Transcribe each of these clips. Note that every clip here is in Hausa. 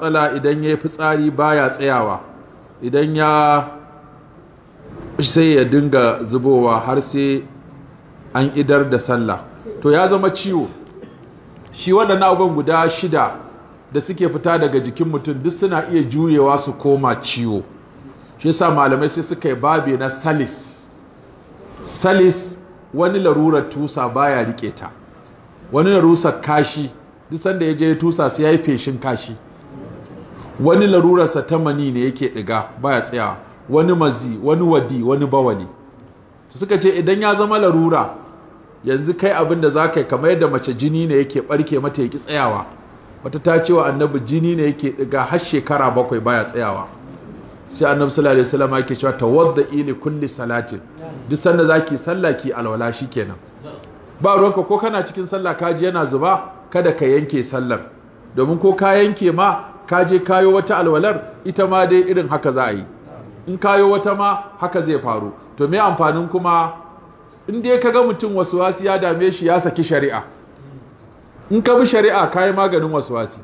matsala idan ya yi fitsari baya tsayawa idan ya sai ya dinga zubowa har sai an idar da sallah to ya zama ciwo shi waɗannan abin guda shida da suke fita daga jikin mutum duk suna iya juyewa su koma ciwo shi sa malamai sai suka yi babu na salis salis wani larurar tusa baya riƙe ta wani larurar kashi duk sanda ya je tusa sai ya yi feshin kashi wani larurarsa ta mani ne yake ɗiga baya tsayawa wani mazi wani wadi wani bawali suka ce idan ya zama larura yanzu kai abin da za ka yi kamar yadda mace jini ne yake ɓarke mata yaki tsayawa wata ta ce wa annabi jini ne yake ɗiga har shekara bakwai baya tsayawa sai annabi sallallahu alaihi wasallam yake cewa tawadda ili kulli salatin duk sanda zaki sallah ki alwala shi kenan. ba ruwanka ko kana cikin sallah kaji yana zuba kada ka yanke sallar domin ko ka yanke ma ka je kayo wata alwalar ita ma dai irin haka za a yi in kayo wata ma haka zai faru to me amfanin kuma in dai ka ga mutum wasuwasi ya dame shi ya saki shari'a in ka bi shari'a ka yi maganin wasuwasi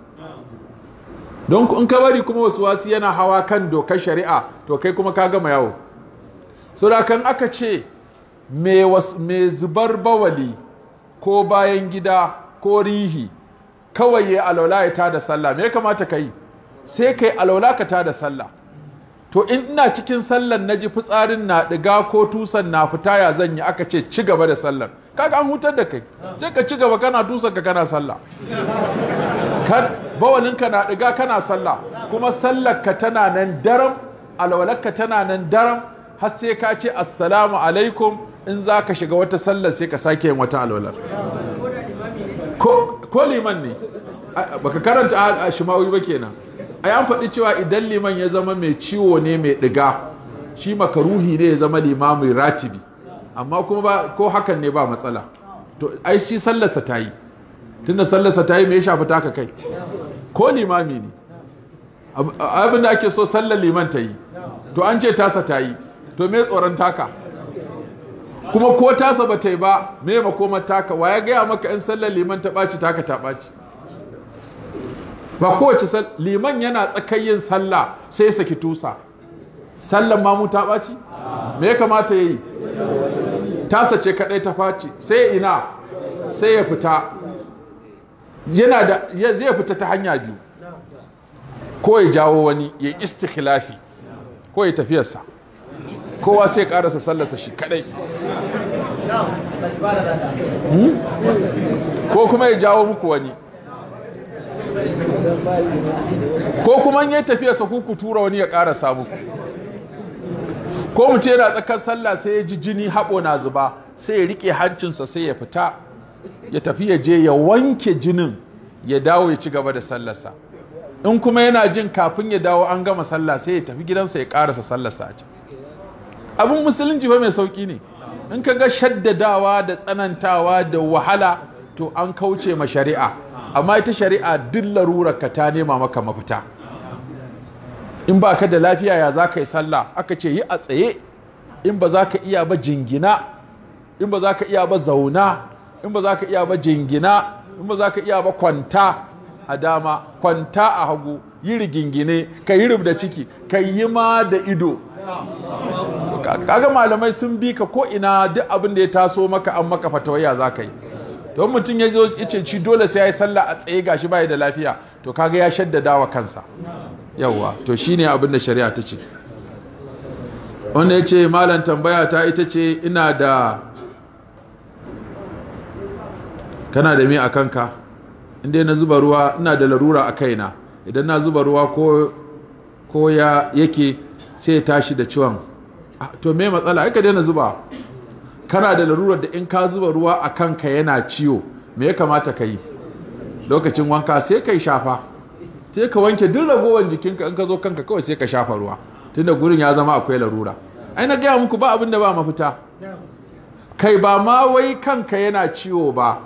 don in ka bari kuma wasu wasuwasi yana hawa kan dokar shari'a to kai kuma ka gama yawo so da kan aka ce me zubar bawali ko bayan gida ko rihi kawai ya alwala ya tada sallah me ya kamata ka yi sai kai alaula ka tada sallah to in ina cikin na ji fitsarin na diga ko tusan na fita ya zan yi aka ce ci gaba da sallar kaga an hutar da kai sai ka ci gaba kana tusan ka kana sallah kan bawalin ka na diga kana sallah kuma sallar ka tana nan daram alwalar ka tana nan daram har sai ka ce assalamu alaikum in za ka shiga wata sallar sai ka sake yin wata alwalar ko ko liman ne baka karanta shimawi ba kenan ai an faɗi cewa idan liman ya zama mai ciwo ne mai ɗiga shi makaruhi ne ya zama limamin ratibi amma kuma ba ko hakan ne ba matsala to ai shi sallarsa ta yi tunda sallarsa ta yi me ya shafi taka kai ko limami ne abin da ake so sallar liman ta yi to an ce tasa ta yi to me tsoron taka kuma ko tasa ba ta yi ba me makomar taka wa ya gaya maka in sallar liman ta ɓaci taka ta ɓaci ba kowace liman yana tsakayin sallah sai saki tusa sallan mamu ta ɓaci me kamata ya yi tasa ce kaɗai ta faci sai ina sai ya fita yana da zai fita ta hanya biyu ko ya jawo wani ya istikhilafi ko ya tafiyarsa kowa sai ya karasa sallarsa shi kadai hmm? ko kuma ya jawo muku wani ko kuma ya tafiya sa tura wani ya karasa muku ko mutum yana tsakar sallah sai ya ji jini haɓo na zuba sai ya riƙe hancinsa sai ya fita ya tafi ya je ya wanke jinin ya dawo ya ci gaba da sallarsa in kuma yana jin kafin ya dawo an gama sallah sai ya tafi gidansa ya ƙarasa sallarsa a can abin musulunci fa mai sauki ne in ka ga shaddadawa da tsanantawa da wahala to an kauce ma shari'a amma ita shari'a duk larurar ka ta nema maka mafita in ba ka da lafiya ya za ka yi sallah aka ce yi a tsaye in ba za ka iya ba jingina in ba za ka iya ba zauna in ba za ka iya ba jingina in ba za ka iya ba kwanta a dama kwanta a hagu yi rigingine ka yi rubda ciki ka yi ma da ido kaga malamai sun bi ka ko ina duk abin da ya taso maka an maka fatawaya za ka yi don mutum ya zo ya ci dole sai ya yi sallah a tsaye gashi bai da lafiya to kaga ya shaddada wa kansa yawwa to shine abin da shari'a ta ce wanda ya ce malam tambaya ta ita ce ina da kana da me a kanka inda na zuba ruwa ina da larura a kaina idan na zuba ruwa ko ya yake sai ya tashi da ciwon to me matsala ai ka daina zuba kana da larurar da in ka zuba ruwa a kanka yana ciwo me ya kamata ka yi lokacin wanka sai kai shafa sai ka wanke duk ragowar jikinka in ka zo kanka kawai sai ka shafa ruwa tunda gurin ya zama akwai larura ai na gaya muku ba abin da ba mafita kai ba ma wai kanka yana ciwo ba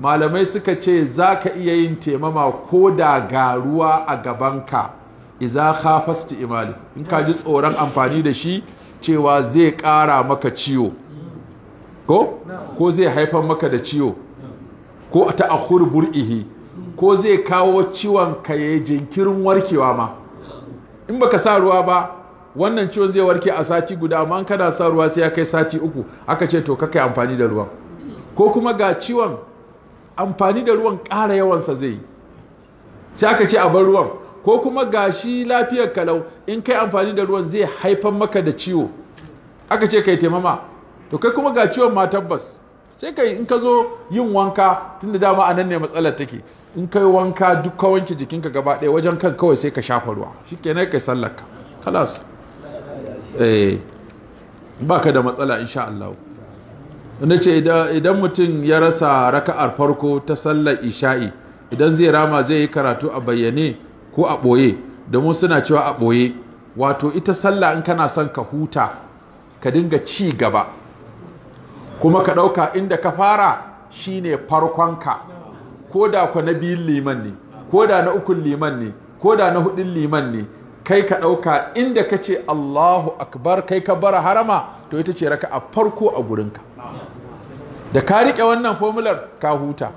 malamai suka ce za ka iya yin temama ko da ga ruwa a gabanka iza khafasti imali in ka ji tsoron amfani da shi cewa zai ƙara maka ciwo ko ko zai haifar maka da ciwo ko ta akhur bur'ihi ko zai kawo ciwon ka ya jinkirin warkewa ma in baka sa ruwa ba wannan ciwon zai warke a sati guda amma kana sa ruwa sai ya kai sati uku aka ce to kakai amfani da ruwan ko kuma ga ciwon amfani da ruwan ƙara yawansa zai yi ce a bar ruwan ko kuma gashi lafiyar kalau in kai amfani da ruwan zai haifar maka da ciwo aka ce kai taimama to kai kuma ga ciwon ma tabbas sai kai in ka zo yin wanka tunda dama a nan ne matsalar take in kai wanka duk ka wanke jikinka gaba ɗaya wajen kan kawai sai ka shafa ruwa shikenan kai sallarka kalas eh baka da matsala insha Allah na ce idan mutum ya rasa raka'ar farko ta sallar isha'i idan zai rama zai yi karatu a bayyane ko a ɓoye domin suna cewa a ɓoye wato ita sallah in kana son ka huta ka dinga ci gaba kuma ka ɗauka inda ka fara shine farkonka ko da ku na biyun liman ne ko da na ukun liman ne ko da na hudun liman ne kai ka ɗauka inda ka ce Allahu akbar kai ka bara harama to ita ce raka a farko a gurinka da ka riƙe wannan fomular ka huta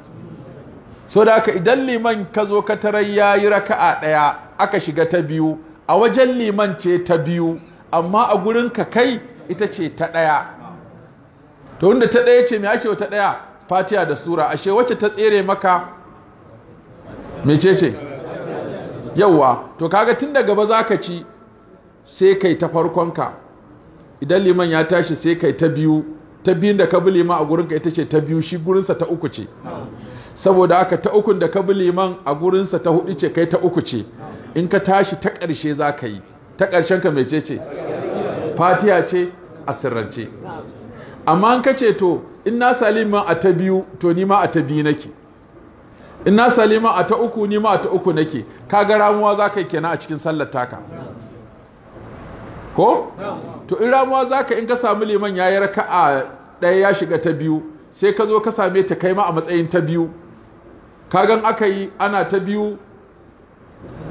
so da aka idan liman ka zo ka tarar ya yi raka'a ɗaya aka shiga ta biyu a wajen liman ce ta biyu amma a gurin ka kai ita ce ta ɗaya to inda ta ɗaya ce mai ake ta ɗaya fatiya da sura ashe wacce ta tsere maka mecece yauwa to kaga tun da gaba za ka ci sai kai ta farkonka idan liman ya tashi sai kai ta biyu ta biyun da ka bi liman a gurinka ita ce ta biyu shi gurinsa ta uku ce saboda haka ta ukun da ka bi liman a gurinsa ta hudu ce kai ta uku ce in ka tashi ta ƙarshe za ka yi ta ƙarshen ka mece ce fatiya ce a sirrance amma in ka ce to in na salima a ta biyu to ni ma a ta biyu nake in na salima a ta uku ni ma a ta uku nake ka ga ramuwa za ka yi kenan a cikin sallar taka ko to in ramuwa za ka in ka samu liman ya yi raka'a ɗaya ya shiga ta biyu sai ka zo ka same ta kai ma a matsayin ta biyu kagan aka yi ana ta biyu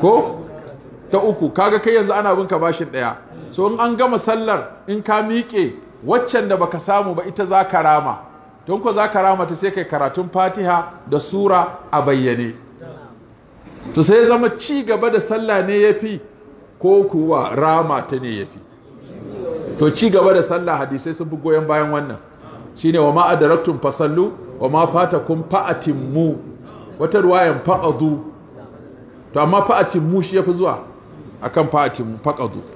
ko ta uku kaga kai yanzu ana bin ka bashin daya so in an gama sallar in ka miƙe waccan da baka samu ba ita za ka rama don ko za ka rama ta sai kai karatun fatiha da sura a bayyane to sai zama ci gaba da sallah ne ya fi ko kuwa rama ta ne ya fi to ci gaba da sallah hadisai sun fi goyon bayan wannan shine wa ma adaraktun fasallu wa ma fatakum fa'atimmu wata ruwayan faƙadu to amma fa'atin mushi ya fi zuwa akan fa'atin faƙadu